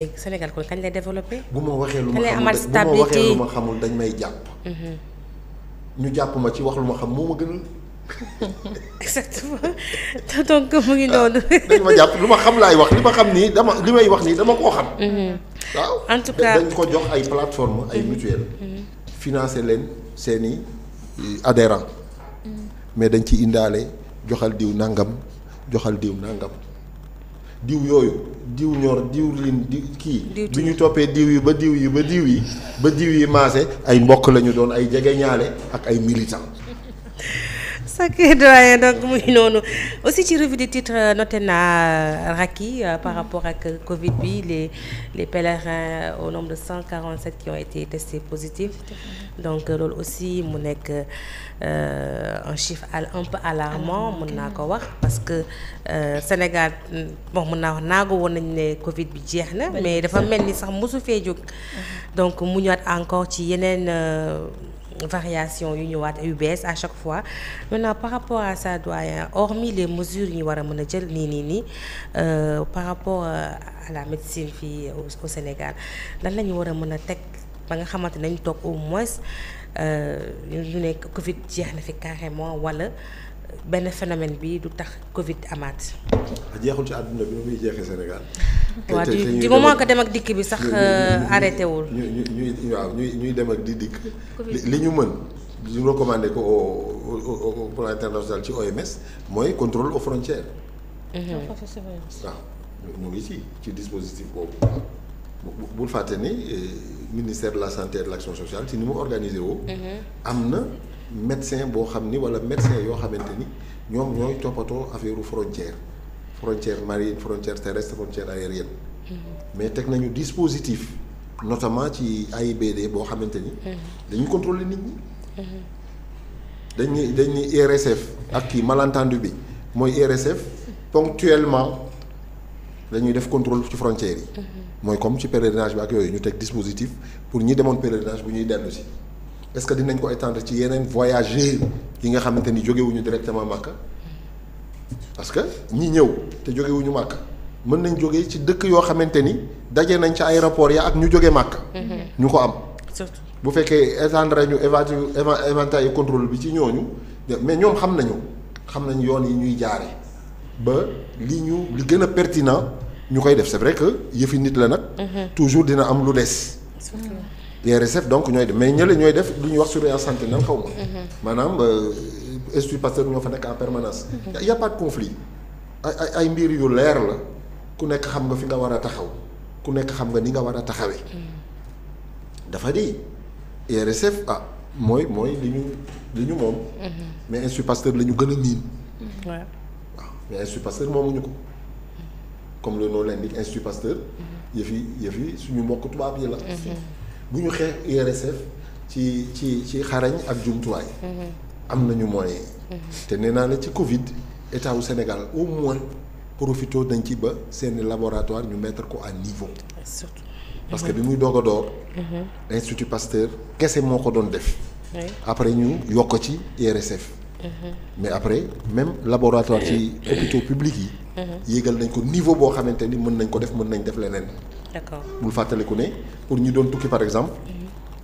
léegi Sénégal kon kañ lay développé. bu ma waxee lu ma xamul bu ma waxee lu ma xamul dañ may jàpp. Mhm. ñu jàpp ma ci wax lu ma xam moo ma gënal. exactement donc mu ngi ah, noonu. dañ ma jàpp lu ma xam laay wax li ma xam nii dama li may wax nii dama koo xam. Mhm. waaw en tout cas dañ ko jox ay plateforme ay mhm. mutuelle financé leen seeni i eh, mais dañ ci indaale joxal diw nangam joxal diw nangam. diw yooyu diw ñor diw lin diw kii bi ñu toppee diw yi ba diw yi ba diw yi ba diw yi maase ay mbokk lañu doon ay jege ak ay militant sacré doyen donc oui non non aussi ci revue des titres euh, noté à euh, raki euh, par mm-hmm. rapport à Covid bi les les pèlerins au nombre de 147 qui ont été testés positifs donc aussi mu un chiffre un peu alarmant mon n'a wax parce que Sénégal bon on n'a wax naagu nañ Covid bi mais dafa melni sax musu fee mm-hmm. donc mu a encore ci euh variation yu ñëwaat yu à chaque fois maintenant par rapport à ça doyen hormis les mesures yu wara war jël ni ni ni euh, par rapport euh, à la médecine fii au Sénégal lan lañu wara war tek ba nga xamante nañ tok au moins euh, ñu ne Covid jeex na fi carrément wala ben phénomène bi du tax Covid amat jeexul ci aduna bi ñu muy jeexee Sénégal du di moment que dem ak dik bi sax euh, arrêté wul. ñuy ñuy dem ak li ñu mën. ko au plan international ci OMS moy contrôle aux frontières. Mhm. nous, ñu ngi ci ci dispositif bobu euh, ministère de la santé et de l'action sociale ci organisé mhm. amna médecin des wala Frontières marines, frontières terrestres, frontières aériennes. mais avons nañu dispositif notamment ci AIBD boo xamante ni contrôler nit ñi dañ ni dañ ni malentendu bi RSF, ponctuellement nous def contrôle les frontières yi mooy comme ci pèlerinage bi ak un ñu dispositif pour ñi de pèlerinage bu ñuy dellu est-ce que dinañ ko étendre ci yeneen voyageurs yi nga directement parce que ñi ñëw te jóge wu ñu màkk mën nañ jóge ci dëkk yoo xamante ni daje nañ ci aéroport ya ak ñu jóge màkk. Mm-hmm. ñu ko am. surtout bu fekkee étendre ñu évati éventail contrôle bi ci ñooñu mais ñoom xam nañu xam nañu yoon yi ñuy jaare ba li ñu li gën a pertinant ñu koy def c'est vrai que yëfi nit la nag. Mm-hmm. toujours dina am lu des. les RSF donc ñooy def mais ñële ñooy def lu ñuy wax surveillance santé nan xaw ma. Mm-hmm. maanaam. Euh, est Pasteur ñoo fa nekk en permanence il y a pas de conflit ay ay mbir yu leer la ku nek xam nga fi nga wara taxaw ku nek xam nga ni nga wara taxawé mm. dafa di rsf a ah, moy moy liñu liñu mom mm-hmm. mais institut Pasteur lañu gëna min a mm-hmm. mais institut Pasteur moomuñu ko mm-hmm. comme le nom l'indique institut Pasteur yëf yi yëf yi suñu mbokk tuba bi la buñu xé rsf ci ci ci xarañ ak jumtuwaay am nañu moyen te nee la ci Covid état wu Sénégal au moins profito dañ ci ba seeni laboratoire ñu mettre ko à niveau surtout parce que bi muy doog a mhm. Institut Pasteur kese moko don def après ñu yokk ci IRSF mhm. mais après même laboratoire ci hôpitaux publics yi mhm. yégal nañ ko niveau bo xamanteni ni mën nañ ko def mën nañ def leneen d'accord fatalé fàttaliku né pour ñu don tukki par exemple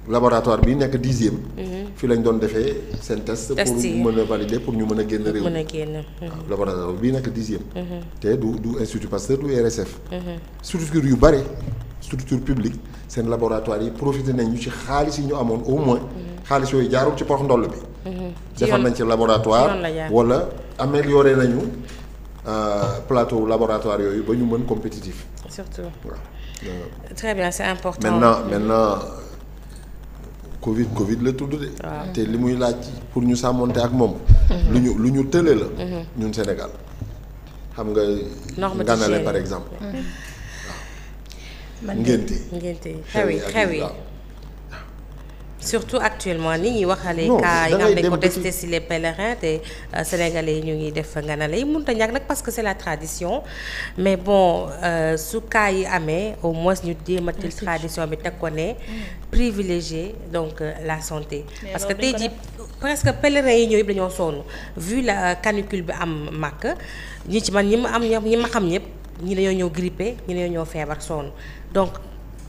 laboratoire bi 10 dixième. Mhm. fi lañ doon defee sen test. pour mën valider pour ñu mëna a génn réew. mën génn mhm. laboratoire bi 10 dixième. Mhm. té du du institut Pasteur du RSF. structure yu bare structure publique sen laboratoire yi profité nañu ci xaalis yi ñu amoon au moins. xaalis yooyu jaarul ci pox ndoll bi. defar nañ ci laboratoire wala amélioré nañu euh, plateau laboratoire yoyu ba ñu mën compétitif. surtout très bien c'est important maintenant maintenant. Covid Covid la tudd de. te li muy laaj pour ñu sàmmonte ak moom. Mhm. lu ñu lu ñu tële la. Mhm. ñun Sénégal xam nga. norme ganale par exemple. Mhm. waaw ngénte ngénte xew yi xew surtout actuellement ni waxale waxalee cas yi nga xam ko si les pèlerins te euh, sénégalais ñu ngi def nganale yi ñak nak parce que c'est la tradition mais bon euh, su cas yi amé au moins ñu jéematil tradition bi teg ko mm. privilégier donc euh, la santé parce que tay jii presque pèlerins yi ñëw dañu dañoo vu la canicule bi am màkk ñi ci man ñi ma am ñi ma xam ñep ñi dañoo ñëw grippé ñi dañoo ñëw fièvre sonn donc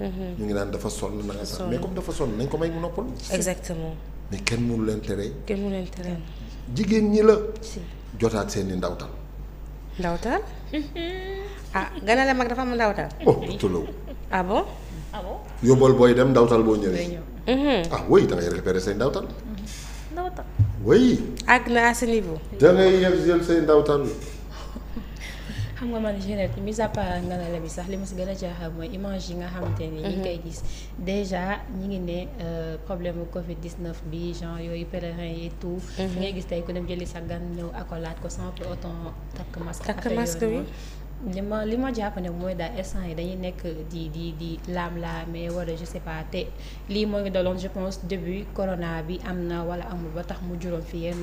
mu mhm. ngi naan dafa sonn na nga sax mais comme dafa sonn nañ ko may mu noppalu. exactement mais kenn mënu leen tere. kenn mënu leen tere. jigéen ñi la. jotaat seen i ndawtal. ndawtal. ah gën a dafa am ndawtal. oh tulaw. Ah, ah bon. yóbbal booy dem ndawtal boo ñëwee. Mhm. ah oui da ngay repérer say ndawtal. Mhm. ndawtal. oui. na à ce niveau. da ngay jël say ndawtal. xam nga man ci mis à part la bi sax li ma si gën a jaaxal mooy image yi nga xamante ni. ñu ngi koy mhm. gis déjà ñi ngi ne euh, problème mu Covid 19 bi genre yooyu pèlerin yi tout. Mhm. fi ngay gis tey ku dem jëli sa gan ñëw accolade ko sans pour autant takk masque. takk masque bi li ma li ma jàpp ne mooy daal instant yi dañuy nekk di di di laam-laamee wala je sais pas te lii moo ngi daloon je pense début corona bi am na wala amul ba tax mu juróom fi yenn.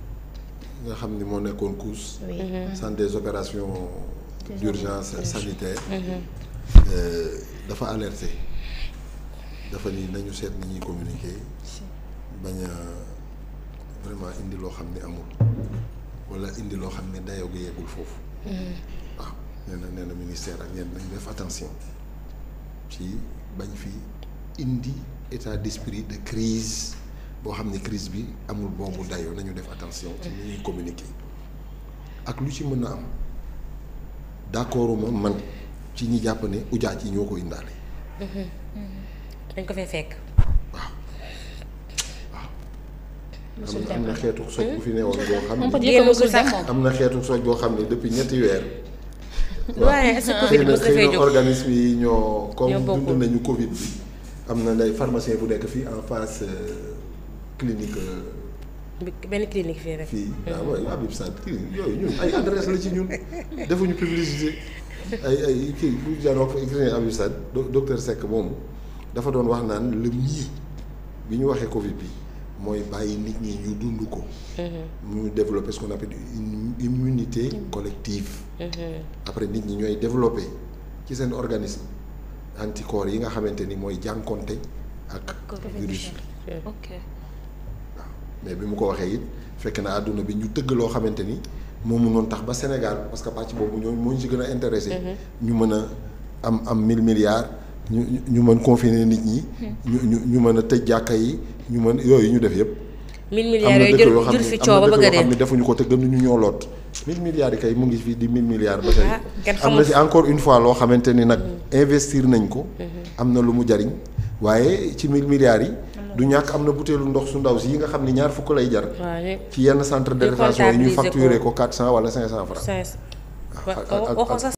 nga xam ni moo nekkoon mhm. des opérations d'urgence sanitaire mhm. euh, dafa alerté dafa ni nañu seet ni ñuy communiquer bañ a vraiment indi loo xam amul wala indi loo xam dayoo mhm. ah, ministère ak attention ci bañ fi indi état d'esprit de crise boo xam crise bi amul boobu dayoo nañu def attention ci ni communiquer ak lu ci mën am d'accorduma man ci ñi jàpp ne ujaaj yi ñoo ko mhm, mhm. dañ ko fay fekk. waaw waaw. am bu fi newoon hmm? boo xam ne am na xeetu soj depuis ñetti est-ce que Covid mos organisme yi ñoo. comme dund nañu Covid bi pharmacien bu en face. Euh, clinique. benn clinique fii rek. fii ah, waaw mooy Habib Sall clinique yooyu ñun ay adresse la ci ñun defuñu publicité ay ay kii bu jaroo ko écrivain Habib Sall docteur Seck moom dafa doon wax naan lëm yii bi ñu waxee Covid bi mooy bàyyi nit ñi ñu dund ko. ñu mm-hmm. développer ce qu'on appelle une immunité mm-hmm. collective. Mm-hmm. après nit ñi ñooy développer ci seen organisme anticorps yi nga xamante ni mooy jànkoonte ak virus bi. mais bi mu ko waxee it fekk na àdduna bi ñu tëgg loo xamante ni moom mënoon tax ba Sénégal parce que pàcc boobu ñoo moo ñu si gën a intéressé. Mm-hmm. ñu mën a am am mille milliards ñu ñu mën confiner nit ñi. Mm-hmm. ñu ñu mën a tëj jàkka yi ñu mën yooyu ñu def yëpp. mille milliards yooyu jël jël fi a dee am na dëkk yoo xam ne defuñu ko te gënuñu ñoo loot. mille milliards yi kay mu ngi fii di mille milliards. ba tey ah, am na si encore une fois loo xamante ni nag mm-hmm. investir nañ ko. am na lu mu jariñ waaye ci mille milliards yi. du ñàkk am na butéelu ndox su ndaw si yi nga xam ni ñaar fukk lay jar. ci yenn centre de rétention yi ñu facturé ko 400 wala 500 francs. 500 ah, waxoo